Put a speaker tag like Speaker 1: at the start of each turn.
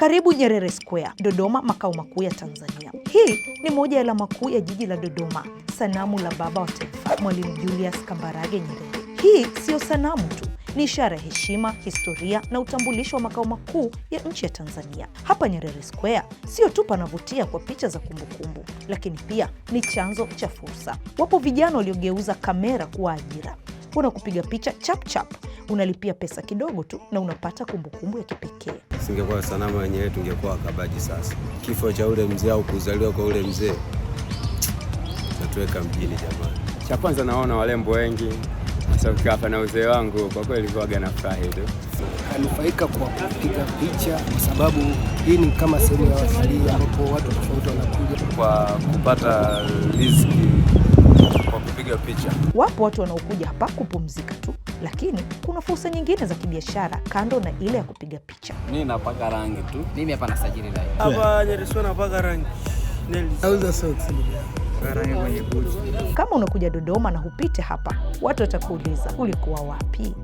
Speaker 1: karibu Nyerere Square, Dodoma, makao makuu ya Tanzania. Hii ni moja ya alama kuu ya jiji la Dodoma, sanamu la baba wa taifa Mwalimu Julius Kambarage Nyerere. Hii siyo sanamu tu, ni ishara ya heshima, historia na utambulisho wa makao makuu ya nchi ya Tanzania. Hapa Nyerere Square sio tu panavutia kwa picha za kumbukumbu, lakini pia ni chanzo cha fursa. Wapo vijana waliogeuza kamera kuwa ajira. Unakupiga picha chap chap, unalipia pesa kidogo tu na unapata kumbukumbu ya kipekee
Speaker 2: asingekuwa sanamu wenyewe tungekuwa wakabaji. Sasa kifo cha ule mzee au kuzaliwa kwa ule mzee natuweka mjini jamani.
Speaker 3: Cha kwanza naona walembo wengi hasa hapa, na uzee wangu kwa kweli kwaga furahi tu
Speaker 4: anufaika kwa kupiga picha, kwa sababu hii ni kama sehemu ya watalii ambapo watu tofauti wanakuja
Speaker 5: kwa kupata riziki kwa kupiga picha.
Speaker 1: Wapo watu wanaokuja hapa kupumzika tu lakini kuna fursa nyingine za kibiashara kando na ile ya kupiga picha.
Speaker 6: Mimi napaka rangi tu. Mimi hapa nasajili
Speaker 7: Hapa Nyeresua napaka rangi.
Speaker 8: Nauza socks.
Speaker 1: Kama unakuja Dodoma na hupite hapa, watu watakuuliza ulikuwa wapi?